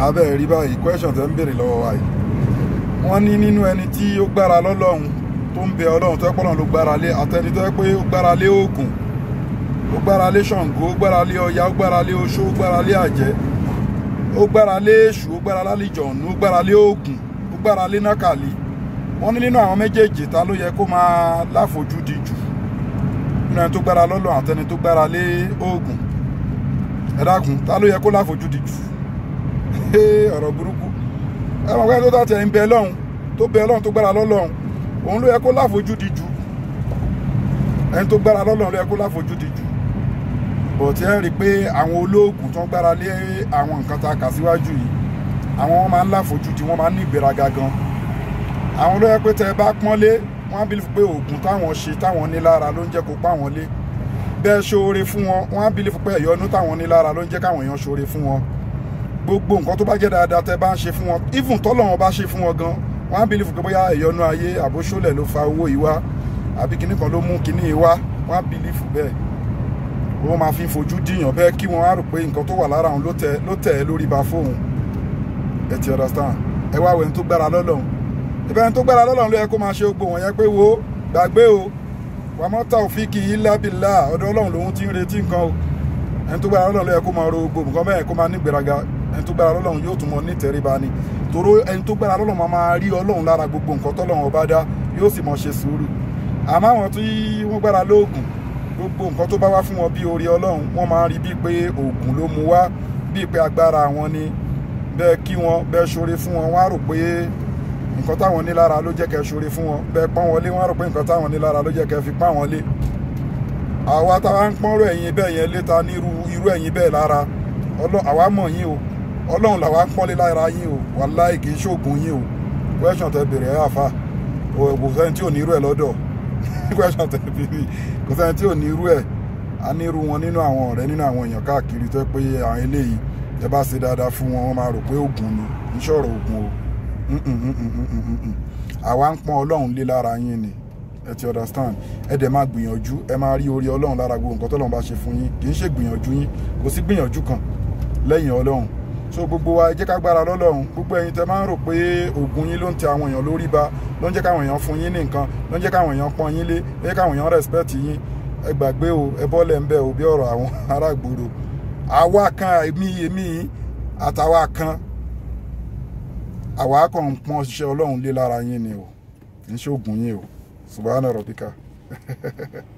abẹ́ rí báyìí question tẹ́ ń béèrè lọ́wọ́ wa yìí wọ́n ní nínú ẹni tí ó gbára lọ́lọ́run tó ń bẹ ọlọ́run tó ẹ́ ló gbára lé àtẹni tó pé ó gbára lé oògùn ó gbára lé ó ọya ó gbára lé oṣó ó gbára lé àjẹ́ ó gbára lé èṣù ó gbára lálejọ̀nù ó gbára lé oògùn ó gbára lé nákàlí wọ́n ta ló yẹ kó máa láfojúdi jù nínú ẹni tó gbára lọ́lọ́run àtẹni tó gbára lé oògùn ọ̀rọ̀ burúkú ẹ mọ̀ pé tó tà tẹ̀ ń bẹ lọ́hùn tó bẹ lọ́hùn tó gbára lọ́lọ́hùn òun ló yẹ kó láfojúdi jù ẹni tó gbára lọ́lọ́hùn ló yẹ kó láfojúdi jù bọ̀tí ẹ rí i pé àwọn olóògùn tó gbára lé àwọn nǹkan tá a kà síwájú yìí àwọn máa ń láfojúdi wọ́n máa ń ní ìgbéraga gan àwọn ló yẹ pé tẹ ẹ bá pọ́nlé wọ́n á believe pé oògùn táwọn ṣe táwọn ní lára ló ń jẹ́ kó pa wọ́n lé bẹ́ẹ̀ ṣoore fún wọn wọ́n á believe pé ẹ̀yọ́nú táwọn ní lára ló ń jẹ́ káwọn èèyàn ṣoore fún wọn gbogbo nǹkan tó bá jẹ́ dáadáa tẹ́ bá ń ṣe fún wọn even tọ́lọ́wọ́n bá ṣe fún wọn gan wọ́n á believe pé bóyá ìyọnu ayé àbóṣólẹ̀ ló fa owó yìí wá àbí kinní kan ló mú kinní yìí wá wọ́n á believe bẹ́ẹ̀ wọ́n máa fi fojú dìyàn bẹ́ẹ̀ kí wọ́n á rò pé nǹkan tó wà lára òun ló tẹ̀ ẹ́ lórí ba fóun ẹ ti understand ẹ wá wẹ̀ni tó gbára lọ́lọ́run ìbẹ̀rẹ̀ tó gbára lọ́lọ́run ló yẹ kó máa ṣe gbogbo wọ̀nyẹn pé wo gbàgbé o wàmọ́tà òfin kì í lábìlà ọ̀dọ̀ ọlọ́run lòun ti ń retí nǹkan o ẹni tó gbára lọ́lọ́run ló yẹ kó máa ro gbogbo nǹkan kó máa nígbèraga ẹni tó gbára lọ́lọ́run yóò tún mọ nítẹríba ni toró ẹni tó gbára lọ́lọ́run máa máa rí ọlọ́run lára gbogbo nǹkan tọ́lọ́run ọba dá yóò sì mọ ṣe sùúrù àmọ́ àwọn tí wọ́n gbára lóògùn gbogbo nǹkan tó bá wá fún wọn bí orí ọlọ́run wọ́n máa rí bíi pé oògùn ló mu wá bíi pé agbára àwọn ni bẹ́ẹ̀ kí wọn bẹ́ẹ̀ ṣoore fún wọn wọ́n á rò pé nǹkan táwọn ní lára ló jẹ́ kẹ́ ṣoore fún wọn bẹ́ẹ̀ pọ́n wọlé wọ́n á rò pé nǹkan táwọn ní lára ló jẹ́ kẹ́ fi pọ́n wọn lé àwa táwa ń pọ́nrọ̀ ẹ̀yin bẹ́ẹ̀ yẹn léta nírú irú ẹ̀yin bẹ́ẹ̀ lára àwa mọ̀ yín o ọlọ́run làwa ń pọ́nlé lára yín o wàláì kì í ṣoògùn yín o question tẹ bèrè ẹ àfa kò sẹ́ni tí ò ní irú ẹ̀ lọ́dọ̀ question tẹ bèrè kò sẹ́ni tí ò ní irú ẹ̀ a ní irú wọn nínú àwọn ọ̀rẹ́ nínú àwọn èèyàn káàkiri tó pé àwọn eléyìí ẹ bá ṣe dáadáa fún wọn wọn máa rò pé oògùn ni ń ṣọ̀rọ̀ oògùn o àwa ń pọ́n ọlọ́run lé lára yín ni ẹ ti understand ẹ dẹ̀ máa gbìyànjú ẹ máa rí orí ọlọ́run lára gbogbo nǹkan tọ́lọ́run bá ṣe fún yín kì í ṣe gbìyànjú yín kò sí gbìyànjú kan lẹ́yìn ọlọ́run so gbogbo wa ẹ jẹ́ ká gbára lọ́lọ́run gbogbo ẹ̀yin tẹ́ máa ń rò pé oògùn yín ló ń tẹ àwọn èèyàn lórí ba ló ń jẹ́ káwọn èèyàn fún yín ní nǹkan ló ń jẹ́ káwọn èèyàn pọ́n yín lé ló ń jẹ́ káwọn èèyàn respect yín ẹ gbàgbé o ẹ bọ́lẹ̀ ń bẹ̀ o bí ọ̀rọ̀ àwọn ará ìgboro àwa kan èmi èmi àtàwa kan àwa kan ń pọ́n ṣiṣẹ́ ọlọ́run lé lára yín ni o kì í ṣe oògùn yín o subhana rabbika